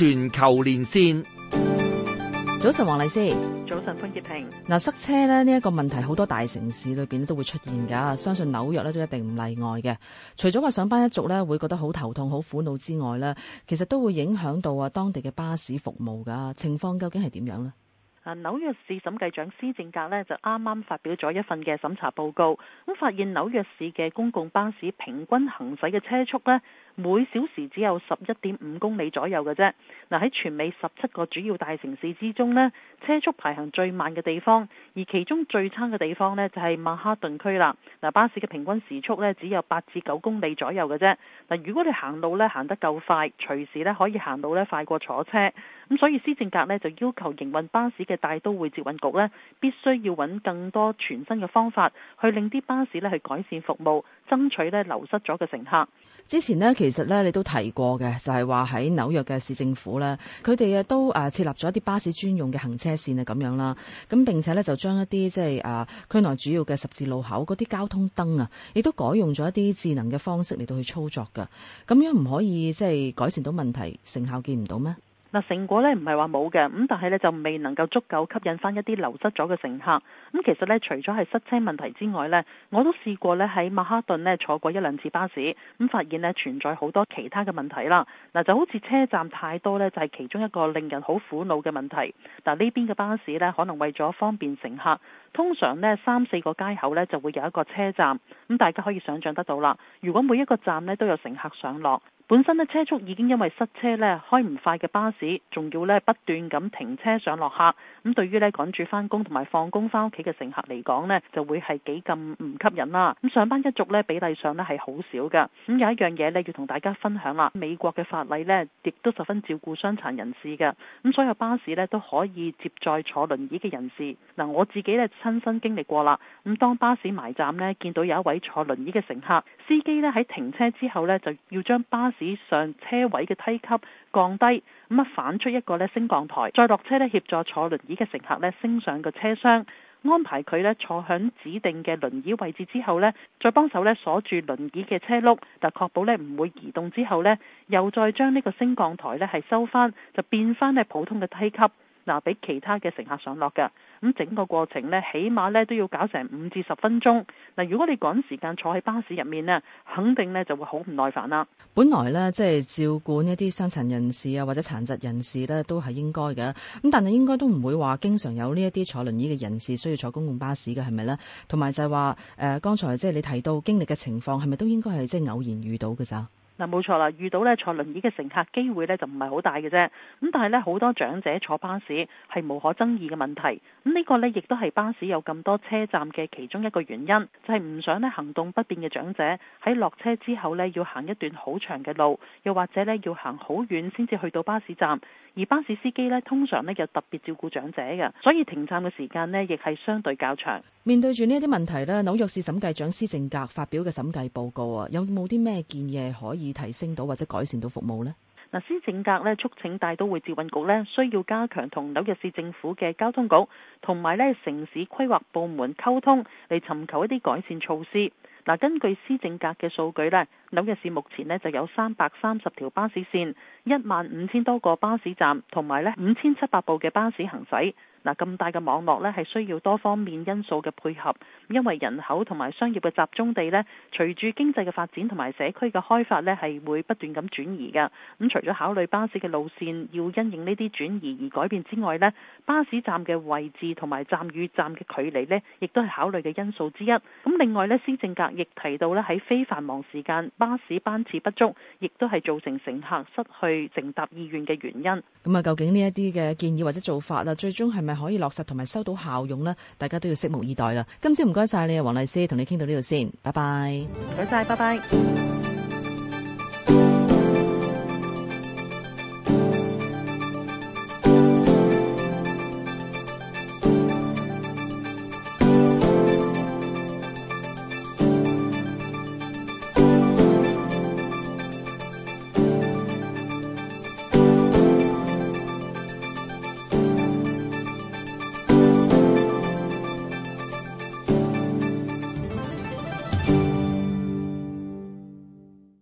全球連線，早晨，黃麗施，早晨，潘潔平。嗱，塞車咧呢一個問題，好多大城市裏邊都會出現噶。相信紐約咧都一定唔例外嘅。除咗話上班一族咧會覺得好頭痛、好苦惱之外咧，其實都會影響到啊當地嘅巴士服務噶。情況究竟係點樣呢？啊，紐約市審計長施政格咧就啱啱發表咗一份嘅審查報告，咁發現紐約市嘅公共巴士平均行駛嘅車速咧。每小時只有十一點五公里左右嘅啫。嗱，喺全美十七個主要大城市之中呢，車速排行最慢嘅地方，而其中最差嘅地方呢，就係曼哈頓區啦。嗱，巴士嘅平均時速呢，只有八至九公里左右嘅啫。嗱，如果你行路呢，行得夠快，隨時呢，可以行路呢快過坐車。咁所以施政格呢，就要求營運巴士嘅大都會接運局呢，必須要揾更多全新嘅方法去令啲巴士呢，去改善服務，爭取呢流失咗嘅乘客。之前呢。其實咧，你都提過嘅，就係話喺紐約嘅市政府咧，佢哋啊都誒設立咗一啲巴士專用嘅行車線啊，咁樣啦，咁並且咧就將一啲即係誒區內主要嘅十字路口嗰啲交通燈啊，亦都改用咗一啲智能嘅方式嚟到去操作噶，咁樣唔可以即係改善到問題，成效見唔到咩？嗱成果咧唔係話冇嘅，咁但係咧就未能夠足夠吸引翻一啲流失咗嘅乘客。咁其實咧除咗係塞車問題之外咧，我都試過咧喺曼哈頓呢坐過一兩次巴士，咁發現呢存在好多其他嘅問題啦。嗱就好似車站太多咧，就係其中一個令人好苦惱嘅問題。嗱呢邊嘅巴士呢，可能為咗方便乘客，通常呢三四個街口呢就會有一個車站。咁大家可以想像得到啦，如果每一個站呢都有乘客上落。本身呢車速已經因為塞車呢，開唔快嘅巴士，仲要呢不斷咁停車上落客。咁對於呢趕住返工同埋放工返屋企嘅乘客嚟講呢，就會係幾咁唔吸引啦。咁上班一族呢，比例上呢係好少㗎。咁有一樣嘢呢，要同大家分享啦。美國嘅法例呢，亦都十分照顧傷殘人士嘅。咁所有巴士呢，都可以接載坐輪椅嘅人士。嗱，我自己呢，親身經歷過啦。咁當巴士埋站呢，見到有一位坐輪椅嘅乘客，司機呢喺停車之後呢，就要將巴士，指上車位嘅梯級降低，咁啊反出一個咧升降台，再落車咧協助坐輪椅嘅乘客咧升上個車廂，安排佢咧坐喺指定嘅輪椅位置之後咧，再幫手咧鎖住輪椅嘅車轆，但係確保咧唔會移動之後咧，又再將呢個升降台咧係收翻，就變翻係普通嘅梯級。嗱，俾其他嘅乘客上落嘅，咁整個過程呢，起碼呢都要搞成五至十分鐘。嗱，如果你趕時間坐喺巴士入面呢，肯定呢就會好唔耐煩啦。本來呢，即係照顧一啲傷殘人士啊，或者殘疾人士呢，都係應該嘅。咁但係應該都唔會話經常有呢一啲坐輪椅嘅人士需要坐公共巴士嘅，係咪呢？同埋就係話，誒，剛才即係你提到經歷嘅情況，係咪都應該係即係偶然遇到嘅咋？嗱，冇錯啦，遇到咧坐輪椅嘅乘客機會咧就唔係好大嘅啫。咁但係咧好多長者坐巴士係無可爭議嘅問題。咁、這、呢個呢，亦都係巴士有咁多車站嘅其中一個原因，就係、是、唔想咧行動不便嘅長者喺落車之後呢，要行一段好長嘅路，又或者呢，要行好遠先至去到巴士站。而巴士司機呢，通常呢，有特別照顧長者嘅，所以停站嘅時間呢，亦係相對較長。面對住呢啲問題呢，紐約市審計長施政格發表嘅審計報告啊，有冇啲咩建議係可以，提升到或者改善到服務呢。嗱，施政格咧促請大都會捷運局咧需要加強同紐約市政府嘅交通局同埋咧城市規劃部門溝通，嚟尋求一啲改善措施。嗱，根據施政格嘅數據呢，紐約市目前呢就有三百三十條巴士線，一萬五千多個巴士站，同埋咧五千七百部嘅巴士行駛。嗱，咁大嘅網絡呢，係需要多方面因素嘅配合，因為人口同埋商業嘅集中地呢，隨住經濟嘅發展同埋社區嘅開發呢，係會不斷咁轉移嘅。咁除咗考慮巴士嘅路線要因應呢啲轉移而改變之外呢，巴士站嘅位置同埋站與站嘅距離呢，亦都係考慮嘅因素之一。咁另外呢，施政格亦提到呢，喺非繁忙時間巴士班次不足，亦都係造成乘客失去乘搭意願嘅原因。咁啊，究竟呢一啲嘅建議或者做法啊，最終係咪係可以落實同埋收到效用啦，大家都要拭目以待啦。今朝唔該晒你啊，黃麗施，同你傾到呢度先，拜拜。唔該晒，拜拜拜拜。